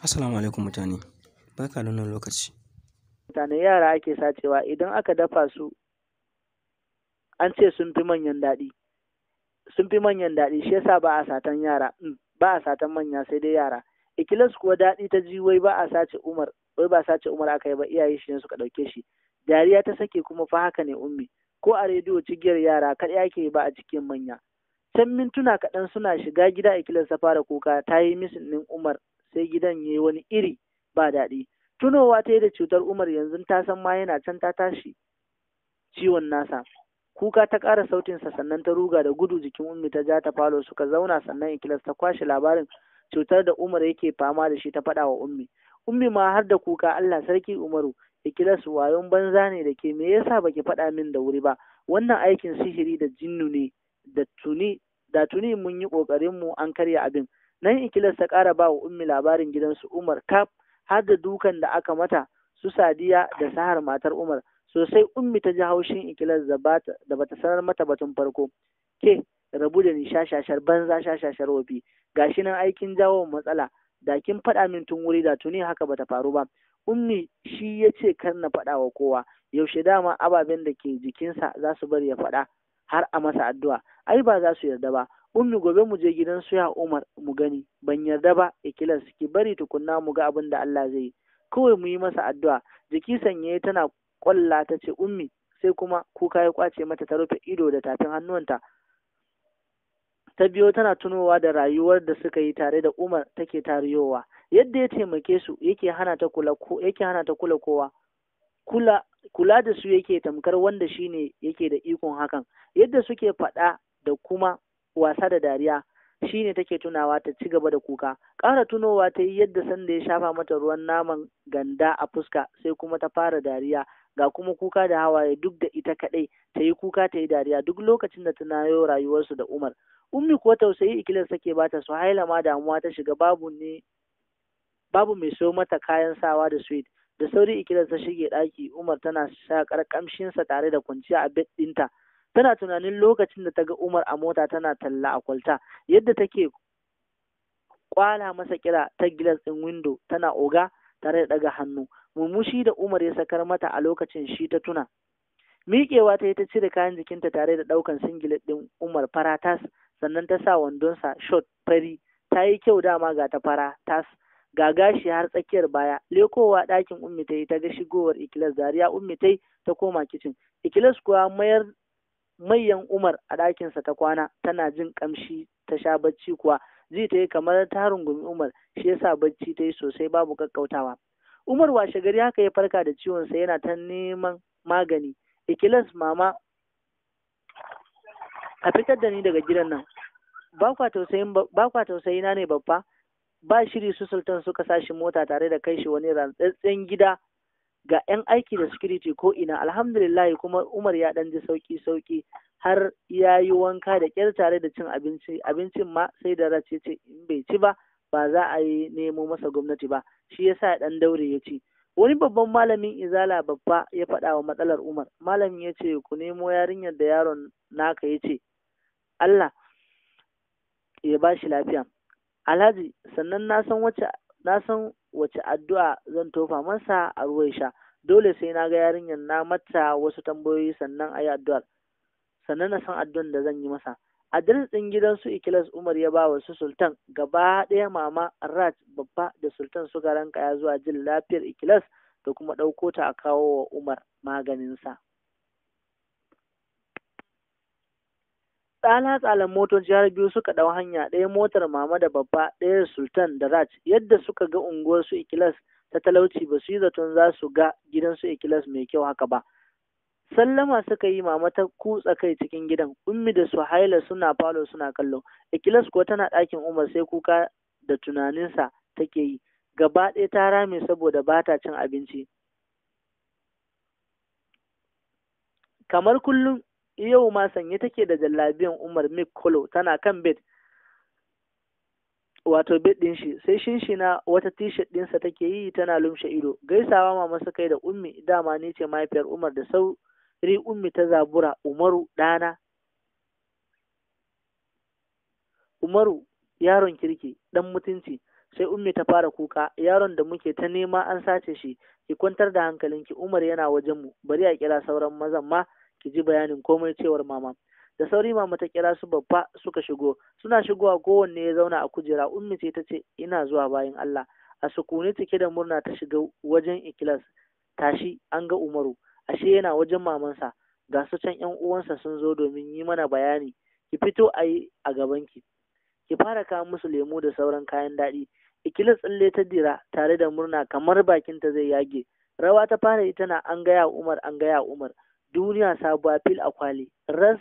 Assalamu alaikum mutane, barka da nan lokaci. Mutane yara ake sacewa idan aka dafa su an ce sun fi manyan daɗi. Sun fi manyan daɗi shi yasa ba a satan yara, mm, ba a satan manya sai dai yara. Ikilas kuwa daɗi ta ji wai ba a sace Umar, wai ba a sace Umar aka yi ba iyaye shi ne suka ɗauke shi. Dariya ta sake kuma fa haka ne ummi. Ko a rediyo cigiyar yara kaɗai ake ba a cikin manya. Can mintuna kaɗan suna shiga gida Ikilas ta fara kuka ta yi misin Umar sai gidan ya yi wani iri ba daɗi tunowa ta yi da cutar umar yanzu ta san ma yana can ta tashi ciwon nasa kuka ta ƙara sautinsa sannan ta ruga da gudu jikin ummi ta ja ta falo suka zauna sannan ikilas ta kwashe labarin cutar da umar yake fama da shi ta faɗa wa ummi ummi ma har da kuka allah sarki umaru ikilas wayon banza ne da ke me yasa baki faɗa min da wuri ba wannan aikin sihiri da jinnu ne da tuni da tuni mun yi ƙoƙarin mu an karya abin nan ikilas ta ƙara ba wa ummi labarin gidansu umar kaf har da dukan da aka mata su sadiya da sahar matar umar sosai ummi ta ji haushin ikilar da bata sanar mata batun farko ke rabu da ni shashashar banza shashashar wafi gashi nan aikin jawo matsala da kin faɗa min tun wuri da tuni haka bata faru ba ummi shi ya ce kar na faɗa wa kowa yaushe dama ababen da ke jikinsa za su bari ya faɗa har a masa addu'a ai ba za su yarda ba ummi gobe mu je gidan su ya umar mu gani ban yarda ba ikilas ki bari tukunna mu ga abin da Allah zai yi kawai mu yi masa addu'a jiki sanye tana kwalla ta ce ummi sai kuma kuka ya kwace mata ta rufe ido da tafin hannuwanta ta biyo tana tunowa da rayuwar da suka yi tare da Umar take tariyowa yadda ya taimake su yake hana ta kula ko yake hana ta kula kowa kula kula da su yake tamkar wanda shine yake da ikon hakan yadda suke faɗa da kuma wasa da dariya shi ne take tunawa ta ci gaba da kuka ƙara tunowa ta yi yadda sanda ya shafa mata ruwan naman ganda a fuska sai kuma ta fara dariya ga kuma kuka da hawaye duk da ita kaɗai ta yi kuka ta yi dariya duk lokacin da tunayo rayuwarsu da umar ummi kuwa tausayi ikilar sake bata su haila ma damuwa ta shiga babu ne babu mai so mata kayan sawa da sweet da sauri ikilar ta shige ɗaki umar tana shakar ƙamshinsa tare da kwanciya a bed ɗinta tana tunanin lokacin da ta ga Umar a mota tana talla a kwalta yadda take kwala masa kira ta gilas ɗin windo tana oga tare da daga hannu murmushi da Umar ya sakar mata a lokacin shi ta tuna miƙewa ta yi ta cire kayan jikinta tare da ɗaukan singlet ɗin Umar fara tas sannan ta sa wandonsa shot fari ta yi kyau dama ga ta fara tas ga gashi har tsakiyar baya lekowa ɗakin ummi ta ta ga shigowar ikilas dariya ummi ta ta koma kicin ikilas kuwa mayar Mayan Umar a ɗakinsa ta kwana tana jin ƙamshi ta sha bacci kuwa zai ta yi kamar ta rungumi Umar shi ya sa bacci ta yi sosai babu kakkautawa. Umar washe gari haka ya farka da ciwonsa yana ta neman magani. Ikilas mama a fitar da ni daga gidan nan. Ba kwa tausayi na ne babba? Ba shiri su sultan suka sashi mota tare da kai shi wani rantsatsen gida ga 'yan aiki da sikiriti ko ina alhamdulillah kuma umar ya ɗan ji sauki sauki har ya yi wanka da ƙyar tare da cin abinci abincin ma sai da race ce in bai ci ba ba za a yi nemo masa gwamnati ba shi yasa ɗan daure ya ci wani babban malamin izala babba ya faɗa wa matsalar umar malamin ya ce ku nemo yarinyar da yaron naka ya ce allah ya ba shi lafiya alhaji sannan na san wacce na san wace addu'a zan tofa masa a ruwan sha dole sai na ga yarinyar na mata wasu tambayoyi sannan a yi addu'ar sannan na san addu'ar da zan yi masa adres ɗin gidan su ikilas umar ya ba wa su sultan gaba ɗaya mama raj babba da sultan suka ranka ya zuwa jin lafiyar ikilas da kuma ɗauko ta a kawo wa umar maganinsa tsala-tsalan motar jihar biyu suka ɗau hanya ɗaya motar mama da babba ɗaya da sultan da raj yadda suka ga unguwar su ikilas ta talauci ba su yi zaton za su ga gidan su ikilas mai kyau haka ba sallama suka yi mama ta kutsa kai cikin gidan ummi da su haila suna falo suna kallo ikilas kuwa tana ɗakin umar sai kuka da tunaninsa take yi gaba ɗaya ta rame saboda ba ta cin abinci kamar kullum yau ma sanye take da jallabiyan umar mikolo tana kan bed wato bed ɗin shi sai shinshina wata t-shirt ɗinsa take yi tana lumshe ido gaisawa mama suka kai da ummi dama ni ce mahaifiyar umar da sauri ummi ta zabura umaru dana umaru yaron kirki ɗan mutunci sai ummi ta fara kuka yaron da muke ta nema an sace shi ki kwantar da hankalinki umar yana wajenmu bari a kira sauran mazan ma ki ji bayanin komai cewar mama da sauri mama ta kira su babba suka shigo suna shigowa kowanne ya zauna a kujera ummi ce ta ce ina zuwa bayan Allah a sukuni cike da murna ta shiga wajen ikilas tashi an ga Umaru ashe yana wajen mamansa ga su can 'yan uwansa sun zo domin yi mana bayani ki fito a yi a gabanki ki fara kawo musu lemu da sauran kayan daɗi ikilas tsalle ta dira tare da murna kamar bakinta zai yage rawa ta fara yi tana an gaya Umar an gaya Umar duniya sabuwa fil a kwali ras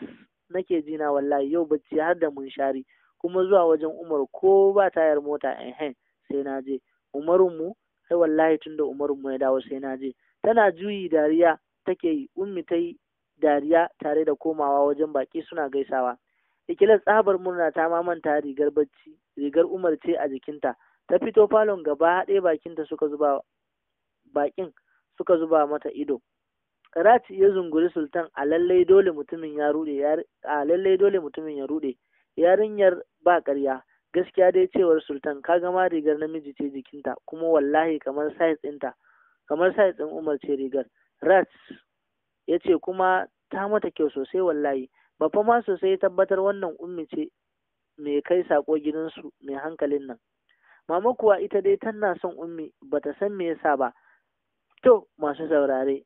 nake jina wallahi yau bacci har da shari kuma zuwa wajen umar ko ba tayar mota eh sai na je umarun mu sai wallahi tunda umarun mu ya dawo sai na je tana juyi dariya take yi ummi tai dariya tare da komawa wajen baki suna gaisawa ikilar tsabar murna ta mamanta rigar bacci rigar umar ce a jikinta ta fito falon gaba haɗe bakinta suka zuba bakin suka zuba mata ido Karaci ya zunguri Sultan a lallai dole mutumin ya rude a lallai dole mutumin ya rude yarinyar ba karya gaskiya dai cewar Sultan ka gama rigar namiji ce jikinta kuma wallahi kamar size ɗinta kamar size ɗin Umar ce rigar Rat ya ce kuma ta mata kyau sosai wallahi ba fa ma sosai tabbatar wannan ummi ce mai kai sako gidansu mai hankalin nan mama kuwa ita dai tana son ummi bata san me yasa ba to masu saurare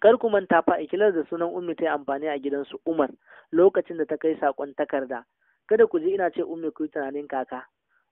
kar ku manta fa ikilar da sunan ummi ta yi amfani a gidansu umar lokacin da ta kai sakon takarda kada ku ji ina ce ummi ku yi tunanin kaka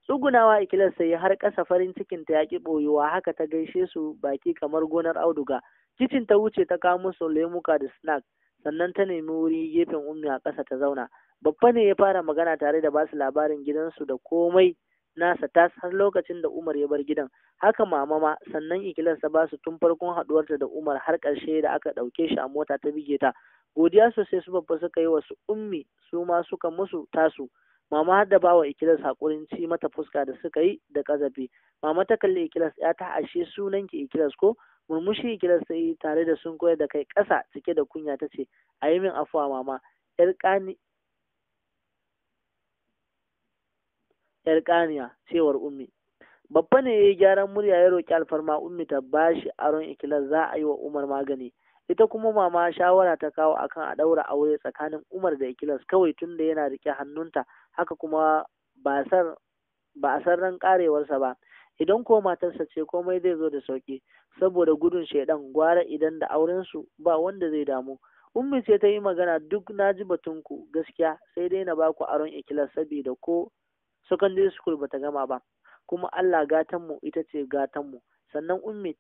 tsugunawa ikilar sai har ƙasa farin cikin ta yaƙi ɓoyewa haka ta gaishe su baki kamar gonar auduga kicin ta wuce ta kawo musu lemuka da snack sannan ta nemi wuri gefen ummi a ƙasa ta zauna babba ne ya fara magana tare da basu labarin gidansu da komai nasa tas har lokacin da Umar ya bar gidan. Haka mama ma sannan ikilas ta su tun farkon haduwarta da Umar har ƙarshe da aka ɗauke shi a mota ta bige ta. Godiya sosai su babba suka yi wasu ummi su ma suka musu tasu. Mama har da bawa ikilas hakurin ci mata fuska da suka yi da kazafi. Mama ta kalli ikilas ya ta ashe ki ikilas ko? Murmushi ikilas ta yi tare da sun koyar da kai ƙasa cike da kunya ta ce a yi min afuwa mama. ‘Yar kani yar ƙaniya cewar ummi babba ne yayi gyaran murya ya roki alfarma ummi ta bashi aron ikilas za a yi wa umar magani ita kuma mama shawara ta kawo akan a ɗaura aure tsakanin umar da ikilas kawai tunda yana rike hannunta haka kuma ba a san ran karewarsa ba idan ko matarsa ce komai zai zo da sauki saboda gudun shaidan gwara idan da auren su ba wanda zai damu ummi ce ta yi magana duk na ji batunku gaskiya sai dai na baku aron ikilas sabida ko secondary school bata gama ba kuma Allah gatanmu ita ce gatanmu sannan ummi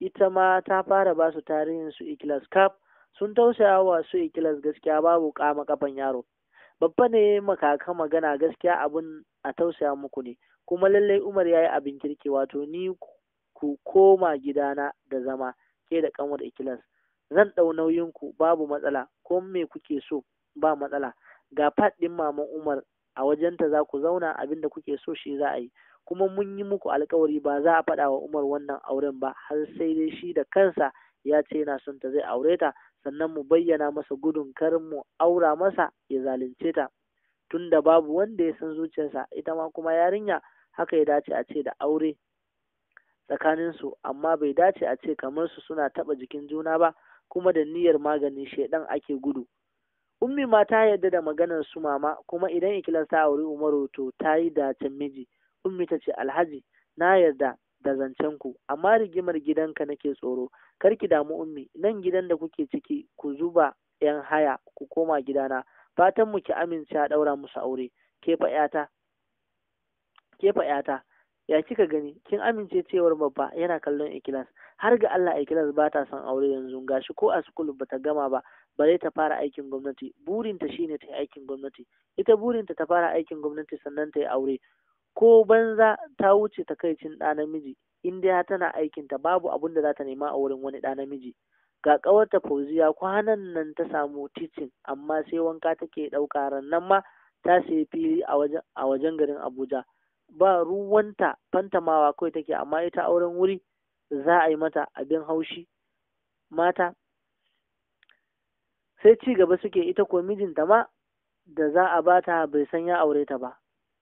ita ma ta fara ba su tarihin su ikilas kaf sun tausaya wa su ikilas gaskiya babu kama kafan yaro babba ne makaka magana gaskiya abun a tausaya muku ne kuma lallai umar ya yi abin kirki wato ni ku koma gidana da zama ke da kanwar ikilas zan ɗau ku babu matsala ko me kuke so ba matsala ga faɗin maman umar a wajenta za ku zauna abin da kuke so shi za a yi kuma mun yi muku alkawari ba za a faɗa wa Umar wannan auren ba har sai dai shi da kansa ya ce yana son ta zai aure ta sannan mu bayyana masa gudun kar mu aura masa ya zalunce ta tunda babu wanda ya san zuciyarsa ita ma kuma yarinya haka ya dace a ce da aure tsakaninsu amma bai dace a ce kamar su suna taɓa jikin juna ba kuma da niyyar magani shaidan ake gudu ummi ma ta yarda da maganar su mama kuma idan ikilas ta auri umaru to ta yi can miji ummi ta ce alhaji na yarda da zancen ku amma rigimar gidanka nake tsoro kar ki damu ummi nan gidan da kuke ciki ku zuba yan haya ku koma gidana fatan mu ki amince a daura musu aure ke fa yata ke fa yata ya kika gani kin amince cewar babba yana kallon ikilas har ga Allah ikilas ba ta son aure yanzu gashi ko a sukulu ba ta gama ba bare ta fara aikin gwamnati burinta shine ta yi aikin gwamnati ita burinta ta fara aikin gwamnati sannan ta yi aure ko banza ta wuce takaicin ɗa namiji in dai tana aikinta babu abin da za ta nema a wurin wani ɗa namiji ga ƙawarta fauziya kwanan nan ta samu ticin amma sai wanka take ɗauka Rannan ma ta sayi fili a wajen garin abuja ba ruwanta fantamawa kawai take amma ita auren wuri za a yi mata abin haushi mata sai ci gaba suke ita ko mijinta ma da za a bata bai san ya aure ta ba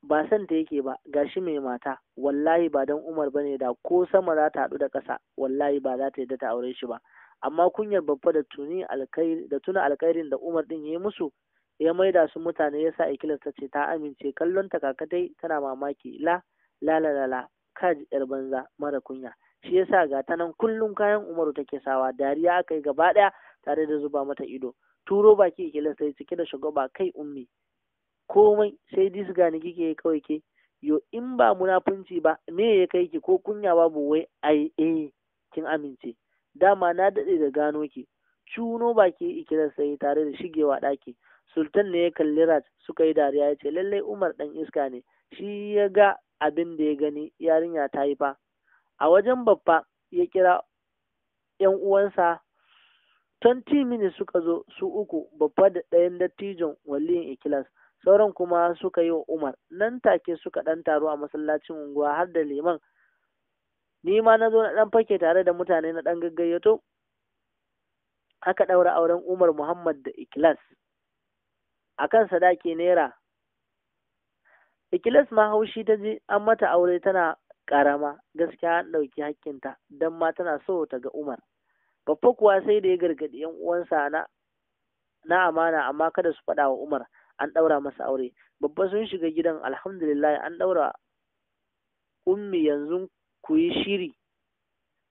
ba san ta yake ba gashi mai mata wallahi ba dan Umar bane da ko sama za ta haɗu da ƙasa wallahi ba za ta yadda ta aure shi ba amma kunyar babba da tuni da tuna alkhairin da Umar din yayi musu ya maida su mutane yasa ikilas ta ce ta amince kallon ta kakatai tana mamaki la la la la ka ji yar banza mara kunya shi yasa ga ta nan kullum kayan umaru ta take sawa dariya aka yi gaba ɗaya tare da zuba mata ido turo baki ke ta cike da shugaba kai ummi komai sai disga ni kike kawai ke yo in ba munafunci ba me ya kai ki ko kunya babu wai ai eh kin amince dama na daɗe da gano ki cuno baki ikilas sai tare da shigewa ɗaki sultan ne ya kalli rat suka yi dariya ya ce lallai umar ɗan iska ne shi ya ga abin da ya gani yarinya ta yi fa a wajen babba ya kira ‘yan uwansa 20 minutes suka zo su uku babba da ɗayan dattijon waliyin ikilas sauran kuma suka yi wa umar nan take suka ɗan taro a masallacin unguwa har da liman ni ma na zo na ɗan fake tare da mutane na ɗan gaggayyato aka ɗaura auren umar muhammad da ikilas a kan sadaki naira ikilas ma haushi ta ji an mata aure tana ƙarama gaskiya an ɗauki hakkinta don ma tana so ta ga umar babba kuwa sai da ya gargaɗi yan uwansa na amana amma kada su faɗa wa umar an ɗaura masa aure babba sun shiga gidan alhamdulillah an ɗaura ummi yanzu ku yi shiri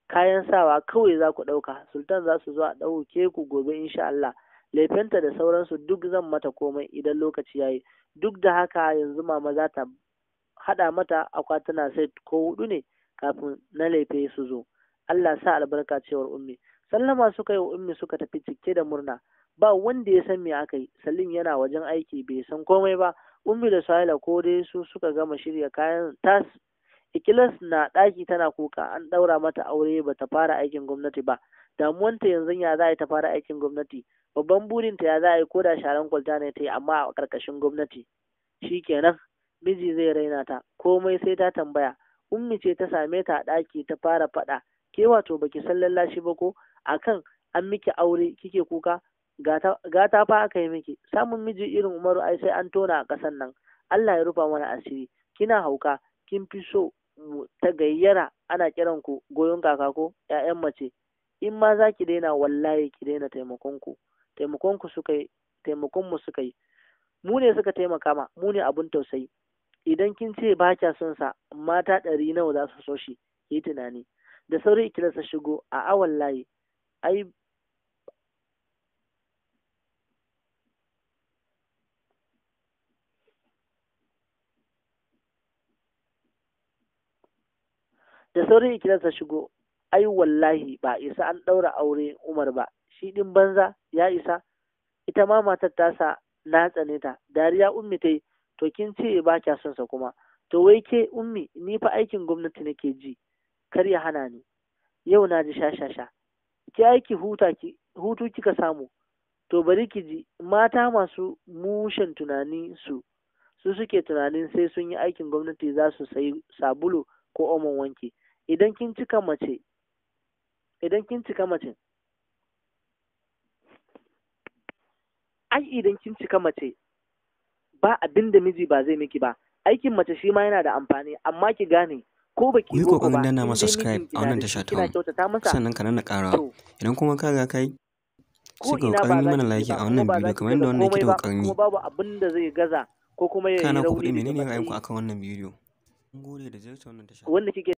kayan sawa kawai za ku ɗauka sultan za su zo a ɗauke ku gobe insha Allah laifinta da sauransu duk zan mata komai idan lokaci ya yi, duk da haka yanzu mama za ta haɗa mata akwatuna sai ko hudu ne kafin na laife su zo Allah sa albarka cewar ummi sallama suka yi wa ummi suka tafi cike da murna ba wanda ya san me aka yi salim yana wajen aiki bai san komai ba ummi da sahila ko dai su suka gama shirya kayan tas ikilas na ɗaki tana kuka an ɗaura mata aure ba ta fara aikin gwamnati ba damuwanta yanzu ya za a yi ta fara aikin gwamnati babban burinta ya za a yi ko sharan kwalta ne ta yi amma a ƙarƙashin gwamnati shikenan miji zai raina ta komai sai ta tambaya ummi ce ta same ta a ɗaki ta fara faɗa ke wato baki san lallashi ba ko akan an miki aure kike kuka gata fa aka yi miki samun miji irin umaru ai sai an tona a ƙasan nan allah ya rufa mana asiri kina hauka kin fi so ta gayyara ana kiran ku goyon kaka ko ƴaƴan mace in ma za ki daina wallahi ki daina taimakon ku taimakon ku suka taimakon mu suka yi mu ne suka taimaka ma mu ne abun tausayi idan kin ce ba kya son sa mata ɗari nawa za su so shi yi tunani da sauri ikilasa shigo a awan layi ai da sauri shigo ai wallahi ba isa an ɗaura aure umar ba shi ɗin banza ya isa ita ma matar tasa na tsaneta dariya ummi ta yi to kin ce ba kya son sa kuma to wai ke ummi ni fa aikin gwamnati nake ji kar ya hana ni yau na ji shashasha ki aiki huta ki hutu kika samu to bari ki ji mata masu mushen tunani su su suke tunanin sai sun yi aikin gwamnati za su sayi sabulu ko omon wanki idan kin cika mace idan kin cika mace ai idan kin cika mace ba abin da miji ba zai miki ba aikin mace shi ma yana da amfani amma ki gane ko ba ki ko ba danna subscribe a wannan tasha ta sannan ka nana ƙara idan kuma ka ga kai sai ka ƙoƙarin mana like a wannan bidiyo kamar yadda wannan yake da ƙoƙarin yi babu abin da zai gaza ko kuma ya yi rauni kana ku kuɗi menene ra'ayinku akan wannan bidiyo mun gode da ziyartar wannan tasha wanda kike